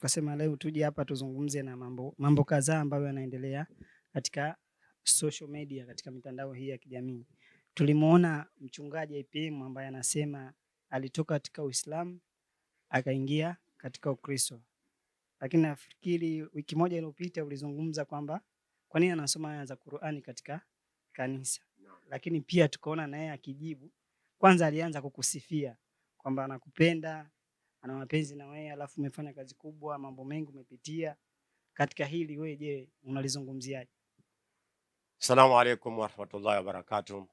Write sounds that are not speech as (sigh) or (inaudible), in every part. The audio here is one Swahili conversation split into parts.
tukasema leo tuje hapa tuzungumze na mambo, mambo kadhaa ambayo yanaendelea katika social media, katika mitandao hii ya kijamii. Tulimuona mchungaji IPM ambaye anasema alitoka katika Uislamu akaingia katika Ukristo, lakini nafikiri wiki moja iliyopita ulizungumza kwamba kwa nini anasoma aya za Qur'ani katika kanisa, lakini pia tukaona naye akijibu, kwanza alianza kukusifia kwamba anakupenda ana mapenzi na wewe, alafu umefanya kazi kubwa, mambo mengi umepitia katika hili, wewe je, unalizungumziaje? Assalamu alaikum warahmatullahi wabarakatuh.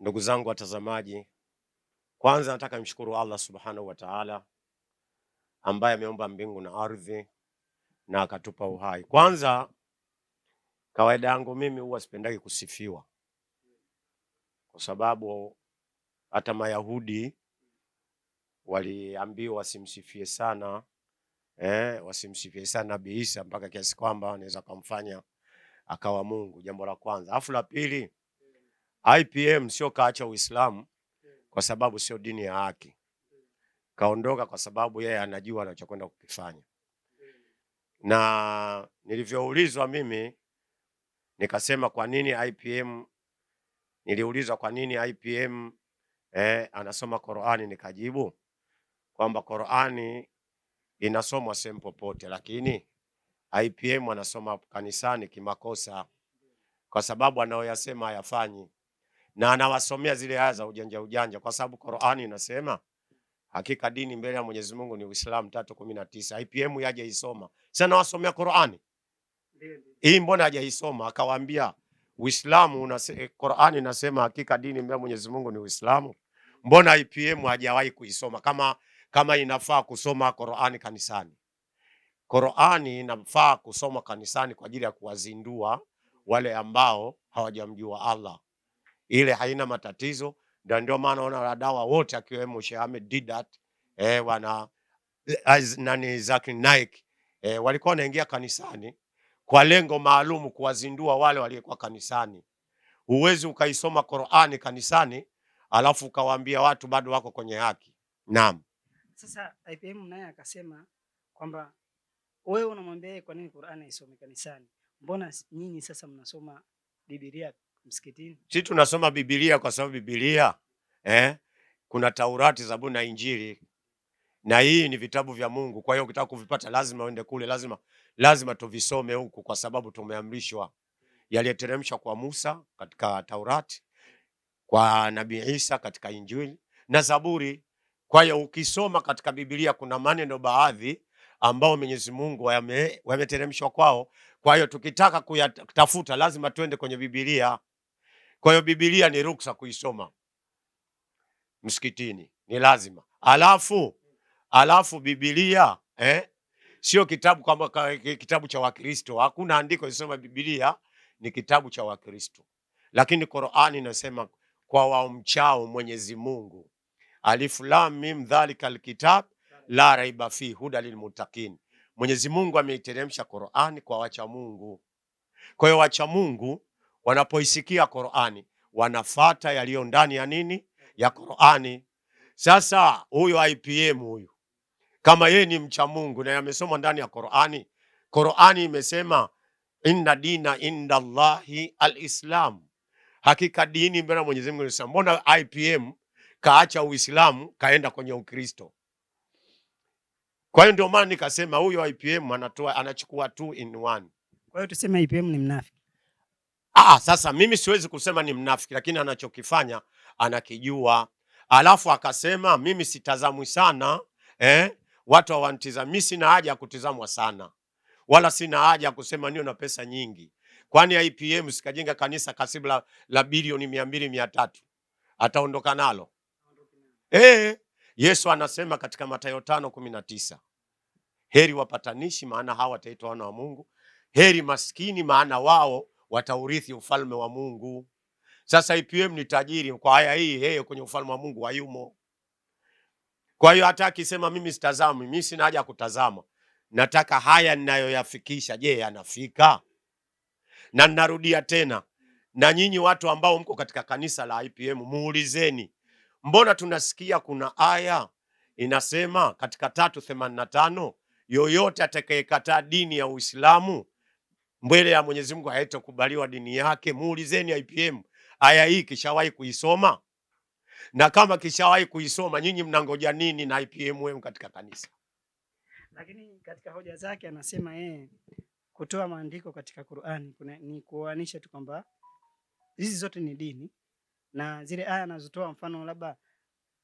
Ndugu zangu watazamaji, kwanza nataka mshukuru Allah subhanahu wa taala ambaye ameumba mbingu na ardhi na akatupa uhai. Kwanza, kawaida yangu mimi huwa sipendaki kusifiwa, kwa sababu hata Mayahudi waliambiwa wasimsifie sana eh, wasimsifie sana Nabii Isa mpaka kiasi kwamba anaweza kumfanya akawa Mungu. Jambo la kwanza, alafu la pili, IPM sio kaacha Uislamu kwa sababu sio dini ya haki, kaondoka kwa sababu yeye anajua anachokwenda kukifanya. Na nilivyoulizwa mimi nikasema kwa nini IPM, niliulizwa kwa nini IPM eh, anasoma Qur'ani, nikajibu kwamba Qur'ani inasomwa sehemu popote, lakini IPM anasoma kanisani kimakosa, kwa sababu anaoyasema hayafanyi na anawasomea zile aya za ujanja ujanja, kwa sababu Qur'ani inasema hakika dini mbele ya Mwenyezi Mungu ni Uislamu 3:19. IPM yaje isoma sasa, nawasomea Qur'ani hii, mbona hajaisoma? Akawaambia Uislamu unase, Qur'ani inasema hakika dini mbele ya Mwenyezi Mungu ni Uislamu. Mbona IPM hajawahi kuisoma kama kama inafaa kusoma Qur'ani kanisani. Qur'ani inafaa kusoma kanisani kwa ajili ya kuwazindua wale ambao hawajamjua Allah, ile haina matatizo, na ndio maana ona wadawa wote akiwemo Sheikh Ahmed Didat eh, wana eh, nani Zakir Naik eh, walikuwa wanaingia kanisani kwa lengo maalum kuwazindua wale waliokuwa kanisani. Huwezi ukaisoma Qur'ani kanisani alafu ukawaambia watu bado wako kwenye haki. Naam. Sasa IPM naye akasema kwamba wewe unamwambia yeye kwa nini Qur'ani isome kanisani? Mbona nyinyi sasa mnasoma Biblia msikitini? Sisi tunasoma Biblia kwa sababu Biblia eh, kuna Taurati, Zaburi na Injili na hii ni vitabu vya Mungu. Kwa hiyo ukitaka kuvipata lazima uende kule, lazima lazima tuvisome huku, kwa sababu tumeamrishwa yaliyoteremshwa kwa Musa katika Taurati, kwa Nabii Isa katika Injili na Zaburi kwa hiyo ukisoma katika bibilia kuna maneno baadhi ambao Mwenyezi Mungu wame kwao. Kwa hiyo tukitaka kuyatafuta lazima tuende kwenye bibilia Kwa hiyo bibilia ni ruksa kuisoma msikitini, ni lazima. Alafu alafu Biblia eh, sio kitabu kwamba kitabu cha Wakristo. Hakuna andiko isoma bibilia ni kitabu cha Wakristo, lakini qorani inasema kwa waumchao Mwenyezi Mungu Alif mim dhalika alkitab la raiba fi huda lilmuttaqin. Mwenyezi Mungu ameiteremsha Qur'ani kwa wacha Mungu. Kwa hiyo wacha Mungu wanapoisikia Qur'ani wanafata yaliyo ndani ya nini ya Qur'ani. Sasa huyo IPM huyu kama yeye ni mcha Mungu na yamesoma ndani ya Qur'ani, Qur'ani imesema inna dina inda Allahi alislam, hakika dini mbele Mwenyezi Mungu. Mbona IPM kaacha Uislamu kaenda kwenye Ukristo. Kwa hiyo ndio maana nikasema huyo IPM anatoa anachukua two in one. Kwa hiyo tuseme IPM ni mnafiki. Ah, ah, sasa mimi siwezi kusema ni mnafiki, lakini anachokifanya anakijua. Alafu akasema mimi sitazamwi sana eh? Watu hawanitizami, mi sina haja ya kutizamwa sana, wala sina haja ya kusema niyo na pesa nyingi. Kwani IPM sikajenga kanisa kasibu la, la bilioni mia mbili mia tatu ataondoka nalo? E, Yesu anasema katika Mathayo tano kumi na tisa heri wapatanishi, maana hawa wataitwa wana wa Mungu. Heri maskini, maana wao wataurithi ufalme wa Mungu. Sasa IPM ni tajiri kwa haya hii, yeye kwenye ufalme wa Mungu hayumo. Kwa hiyo hata akisema mimi sitazami, mimi sina haja ya kutazama, nataka haya ninayoyafikisha, je, yanafika? Na narudia tena, na nyinyi watu ambao mko katika kanisa la IPM muulizeni Mbona tunasikia kuna aya inasema katika tatu themanini na tano yoyote atakayekataa dini ya Uislamu mbele ya Mwenyezi Mungu haitokubaliwa dini yake. Muulizeni IPM aya hii kishawahi kuisoma, na kama kishawahi kuisoma, nyinyi mnangoja nini na IPM wenu katika kanisa? Lakini katika hoja zake anasema yeye kutoa maandiko katika Qur'ani ni kuoanisha tu kwamba hizi zote ni dini na zile aya anazotoa mfano labda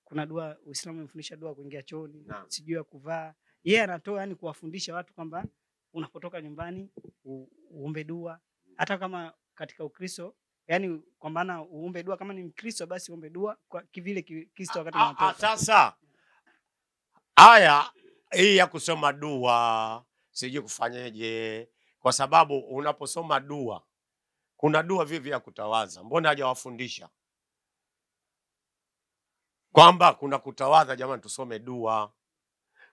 kuna dua Uislamu umefundisha dua kuingia chooni, sijui ya kuvaa. Yeye yeah, anatoa yani kuwafundisha watu kwamba unapotoka nyumbani uombe dua, hata kama katika Ukristo yani kwa maana uombe dua kama ni Mkristo basi uombe dua kwa kivile Kristo wakati anatoka. Sasa aya hii ya kusoma dua sijui kufanyeje, kwa sababu unaposoma dua kuna dua vivi ya kutawaza, mbona hajawafundisha? kwamba kuna kutawadha. Jamani, tusome dua,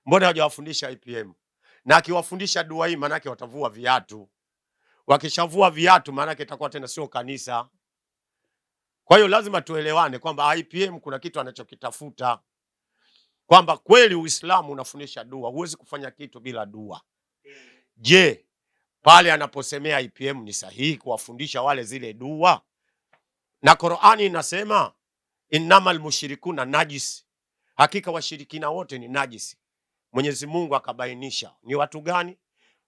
mbona hawajawafundisha IPM? Na akiwafundisha dua hii, maanake watavua viatu. Wakishavua viatu, maanake itakuwa tena sio kanisa. Kwa hiyo lazima tuelewane kwamba IPM kuna kitu anachokitafuta, kwamba kweli Uislamu unafundisha dua, huwezi kufanya kitu bila dua. Je, pale anaposemea IPM ni sahihi kuwafundisha wale zile dua? Na Qur'ani inasema innamal mushrikuna najisi, hakika washirikina wote ni najisi. Mwenyezi Mungu akabainisha ni watu gani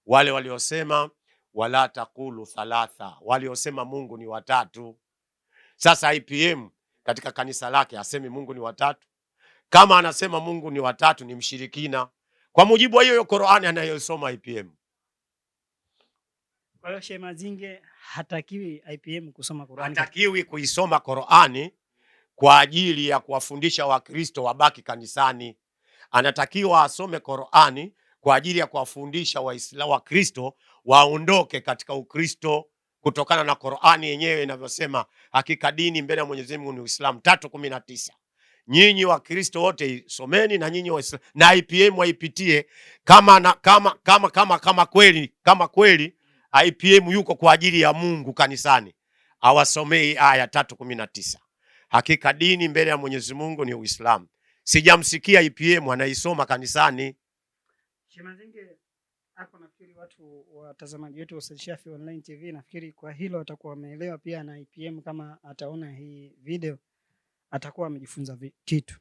wale waliosema wala takulu thalatha, waliosema Mungu ni watatu. Sasa IPM katika kanisa lake asemi Mungu ni watatu. Kama anasema Mungu ni watatu ni mshirikina kwa mujibu wa hiyo Qur'ani anayosoma IPM. Kwa hiyo Sheikh Mazinge hatakiwi IPM kusoma Qur'ani, hatakiwi kuisoma qorani kwa ajili ya kuwafundisha Wakristo wabaki kanisani, anatakiwa asome Korani kwa ajili ya kuwafundisha Wakristo Wakristo waondoke katika Ukristo kutokana na Korani yenyewe inavyosema, hakika dini mbele ya Mwenyezi Mungu ni Uislamu, tatu kumi na tisa. Nyinyi Wakristo wote someni na nyinyi Waislamu na IPM waipitie kama, na, kama, kama, kama, kama kweli kama kweli IPM yuko kwa ajili ya Mungu kanisani awasomei aya tatu kumi na tisa. Hakika dini mbele ya Mwenyezi Mungu ni Uislamu. Sijamsikia IPM anaisoma kanisani. Hapo nafikiri watu watazamaji wetu wa Shafi Online TV nafikiri kwa hilo watakuwa wameelewa pia, na IPM kama ataona hii video atakuwa amejifunza kitu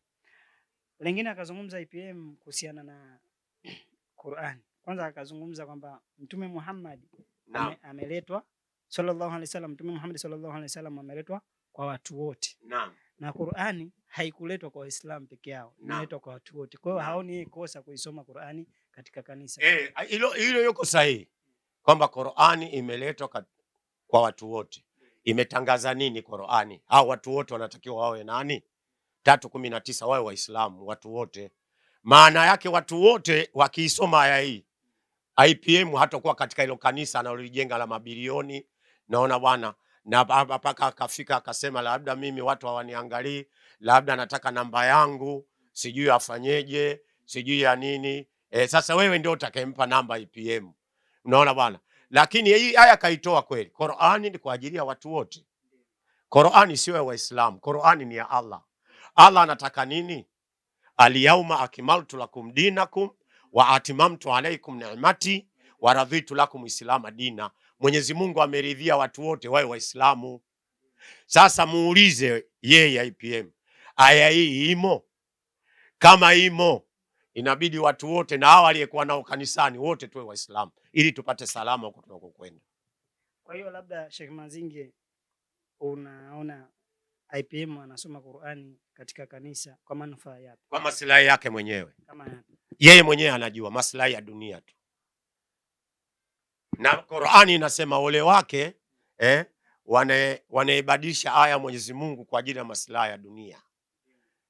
Lengine Akazungumza IPM kuhusiana na (clears throat) Qur'an. Kwanza akazungumza kwamba Mtume Muhammad ame, ameletwa sallallahu alaihi wasallam, Mtume Muhammad sallallahu alaihi wasallam ameletwa kwa watu wote na, na Qur'ani haikuletwa kwa Waislamu peke yao, inaletwa kwa watu wote. Kwa hiyo haoni yeye kosa kuisoma Qur'ani katika kanisa eh, hilo. Eh, hilo yuko sahihi kwamba Qur'ani imeletwa kwa watu wote. Imetangaza nini Qur'ani? Hao watu wote wanatakiwa wawe nani? tatu kumi na tisa wawe Waislamu watu wote. Maana yake watu wote wakiisoma aya hii IPM hatakuwa katika hilo kanisa analolijenga la mabilioni. Naona bwana na mpaka akafika akasema, labda mimi watu hawaniangalii, labda nataka namba yangu, sijui afanyeje, sijui ya nini. E, sasa wewe ndio utakayempa namba IPM. Unaona bwana, lakini hii aya kaitoa kweli. Qur'ani ni kwa ajili ya watu wote. Qur'ani sio ya Waislamu, Qur'ani ni ya Allah. Allah anataka nini? Alyauma akmaltu lakum dinakum wa atimamtu alaikum ni'mati wa raditu lakum islama dina. Mwenyezi Mungu ameridhia watu wote wawe Waislamu. Sasa muulize yeye IPM, aya hii imo? Kama imo, inabidi watu wote na hawa aliyekuwa nao kanisani wote tuwe Waislamu ili tupate salama huko tunakokwenda. Kwa hiyo labda Sheikh Mazinge, unaona IPM anasoma Qur'ani katika kanisa kwa manufaa yapi? Kwa maslahi yake mwenyewe, kama yeye mwenyewe anajua maslahi ya dunia tu na Qurani inasema ole wake eh, wanaibadilisha aya ya Mwenyezi Mungu kwa ajili ya maslahi ya dunia.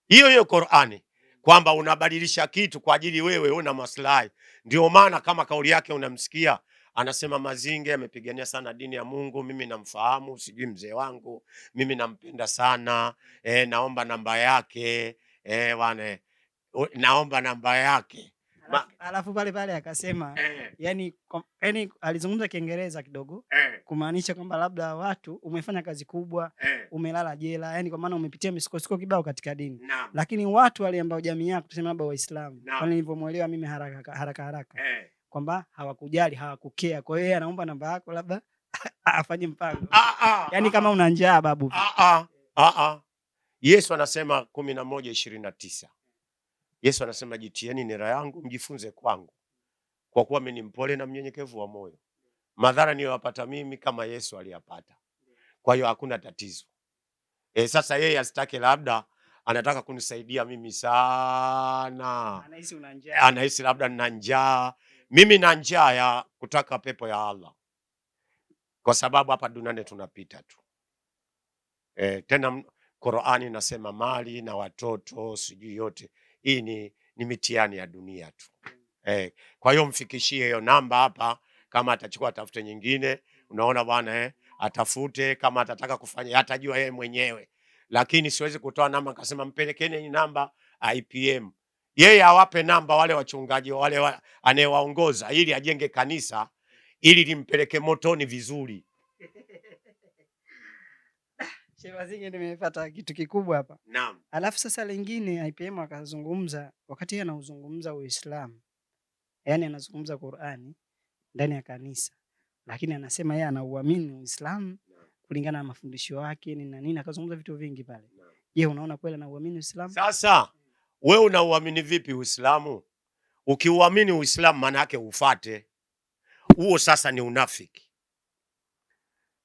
Hiyo hiyo Qurani kwamba unabadilisha kitu kwa ajili wewe una maslahi. Ndio maana kama kauli yake unamsikia anasema Mazinge amepigania sana dini ya Mungu, mimi namfahamu, sijui mzee wangu, mimi nampenda sana e, naomba namba yake e, wane, naomba namba yake alafu pale pale akasema eh, yani, yani alizungumza Kiingereza kidogo eh, kumaanisha kwamba labda watu umefanya kazi kubwa eh, umelala jela, yani kwa maana umepitia misukosuko kibao katika dini Naam. lakini watu wale ambao jamii yako tuseme labda Waislamu kwani nilivyomwelewa mimi haraka haraka, haraka. Eh, kwamba hawakujali hawakukea, kwa hiyo yeye anaomba namba yako labda (laughs) afanye mpango ah, ah, ah yani ah, kama una njaa babu ah, ah, ah, ah. Yesu anasema kumi na moja ishirini na tisa Yesu anasema jitieni nira yangu mjifunze kwangu, kwa kuwa mimi ni mpole na mnyenyekevu wa moyo. Madhara niliyopata mimi kama Yesu aliyapata, kwa hiyo hakuna tatizo. E, sasa yeye asitake, labda anataka kunisaidia mimi sana, anahisi una njaa, anahisi labda nina njaa mimi na njaa ya kutaka pepo ya Allah, kwa sababu hapa duniani tunapita tu. E, tena Qur'ani inasema mali na watoto sijui yote hii ni, ni mitihani ya dunia tu mm. eh. Kwa hiyo mfikishie hiyo namba hapa, kama atachukua atafute nyingine, unaona bwana eh? Atafute kama atataka kufanya, atajua yeye mwenyewe, lakini siwezi kutoa namba nikasema mpelekeni namba IPM yeye awape namba wale wachungaji wale wa, anayewaongoza ili ajenge kanisa mm. ili limpeleke motoni vizuri. (laughs) Shebazinge nimepata kitu kikubwa hapa. Naam. Alafu sasa lingine IPM akazungumza wakati yeye anauzungumza Uislamu. Yaani anazungumza Qur'ani ndani ya kanisa. Lakini anasema yeye anauamini Uislamu kulingana na mafundisho yake ni na nini akazungumza vitu vingi pale. Je, unaona kweli anauamini Uislamu? Sasa wewe unauamini vipi Uislamu? Ukiuamini Uislamu maana yake ufate. Huo sasa ni unafiki.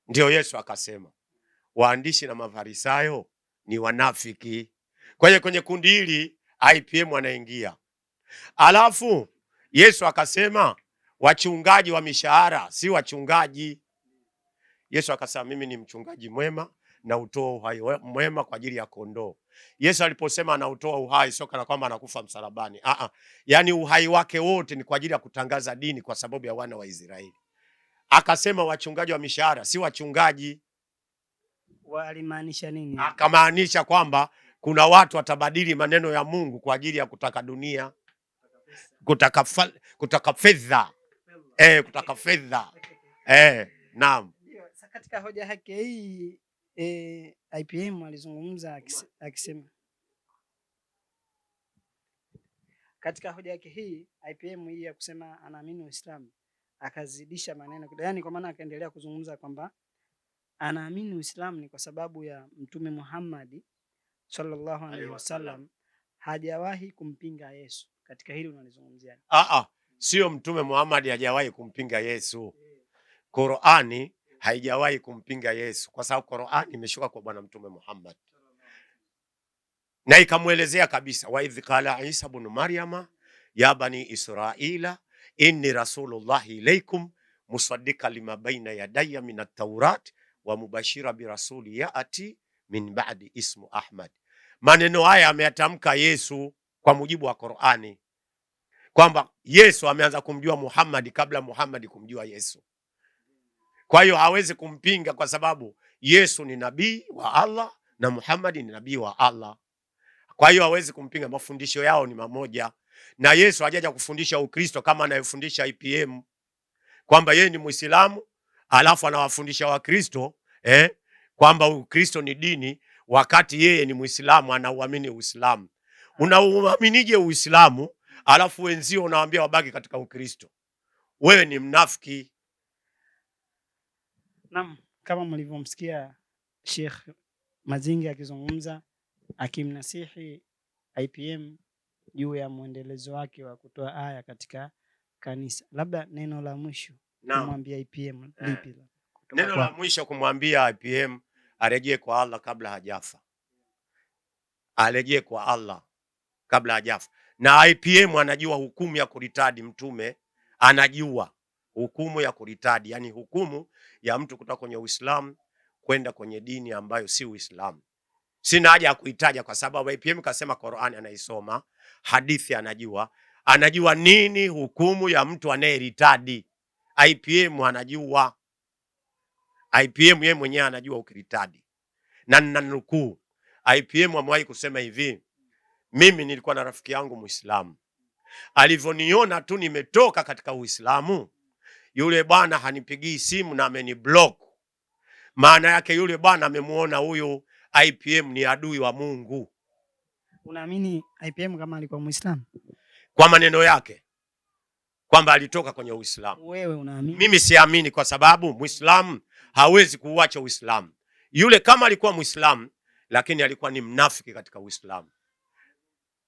Ndio Yesu akasema waandishi na mafarisayo ni wanafiki. Kwa hiyo kwenye kundi hili IPM wanaingia. Alafu Yesu akasema wachungaji wa mishahara si wachungaji. Yesu akasema mimi ni mchungaji mwema na utoa uhai mwema kwa ajili ya kondoo. Yesu aliposema anautoa uhai sio kana kwamba anakufa msalabani. Aa, ah, ah. yaani uhai wake wote ni kwa ajili ya kutangaza dini kwa sababu ya wana wa Israeli. Akasema wachungaji wa mishahara si wachungaji. Alimaanisha nini? Akamaanisha kwamba kuna watu watabadili maneno ya Mungu kwa ajili ya kutaka dunia, kutaka kutaka fedha eh, kutaka fedha eh, naam. Katika hoja yake hii eh, IPM alizungumza akisema katika hoja yake hii IPM hii ya kusema anaamini Uislamu akazidisha maneno, yaani kwa maana akaendelea kuzungumza kwamba anaamini Uislamu ni kwa sababu ya Mtume Muhammad sallallahu alaihi wasallam hajawahi kumpinga Yesu. Katika hili unalizungumziaje? Ah, ah, sio Mtume Muhammad hajawahi kumpinga Yesu, Qurani haijawahi kumpinga Yesu kwa sababu Qurani imeshuka kwa Bwana Mtume Muhammad na ikamwelezea kabisa, idh qala Isa bnu Maryama ya bani Israila inni rasulullahi ilaikum musadika lima baina yadaya min at-taurati wa mubashira birasuli yaati min ba'di ismu Ahmad. Maneno haya ameyatamka Yesu kwa mujibu wa Qur'ani, kwamba Yesu ameanza kumjua muhammadi kabla muhammadi kumjua Yesu. Kwa hiyo hawezi kumpinga kwa sababu Yesu ni nabii wa Allah na muhammadi ni nabii wa Allah. Kwa hiyo hawezi kumpinga, mafundisho yao ni mamoja, na Yesu hajaja kufundisha Ukristo kama anayofundisha IPM kwamba yeye ni mwislamu alafu anawafundisha Wakristo eh, kwamba Ukristo ni dini, wakati yeye ni Mwislamu, anauamini Uislamu. Unauaminije Uislamu alafu wenzio unawambia wabaki katika Ukristo? Wewe ni mnafiki. nam kama mlivyomsikia shekh Mazingi akizungumza akimnasihi IPM juu ya mwendelezo wake wa kutoa aya katika kanisa, labda neno la mwisho kumwambia IPM eh. lipi neno la mwisho kumwambia IPM arejee kwa Allah kabla hajafa, arejee kwa Allah kabla hajafa. Na IPM anajua hukumu ya kuritadi, mtume anajua hukumu ya kuritadi, yani hukumu ya mtu kutoka kwenye Uislamu kwenda kwenye dini ambayo si Uislamu. Sina haja ya kuitaja kwa sababu IPM kasema Qur'ani anaisoma, hadithi anajua, anajua nini hukumu ya mtu anayeritadi. IPM anajua, IPM yeye mwenyewe anajua ukiritadi, na nanukuu, IPM amewahi kusema hivi, mimi nilikuwa na rafiki yangu Muislamu, alivyoniona tu nimetoka katika Uislamu, yule bwana hanipigii simu na ameniblock. Maana yake yule bwana amemwona huyu IPM ni adui wa Mungu. Unaamini IPM kama alikuwa Muislamu? Kwa maneno yake kwamba alitoka kwenye Uislamu. Wewe unaamini? Mimi siamini, kwa sababu Mwislamu hawezi kuuacha Uislamu. Yule kama alikuwa Muislamu, lakini alikuwa ni mnafiki katika Uislamu.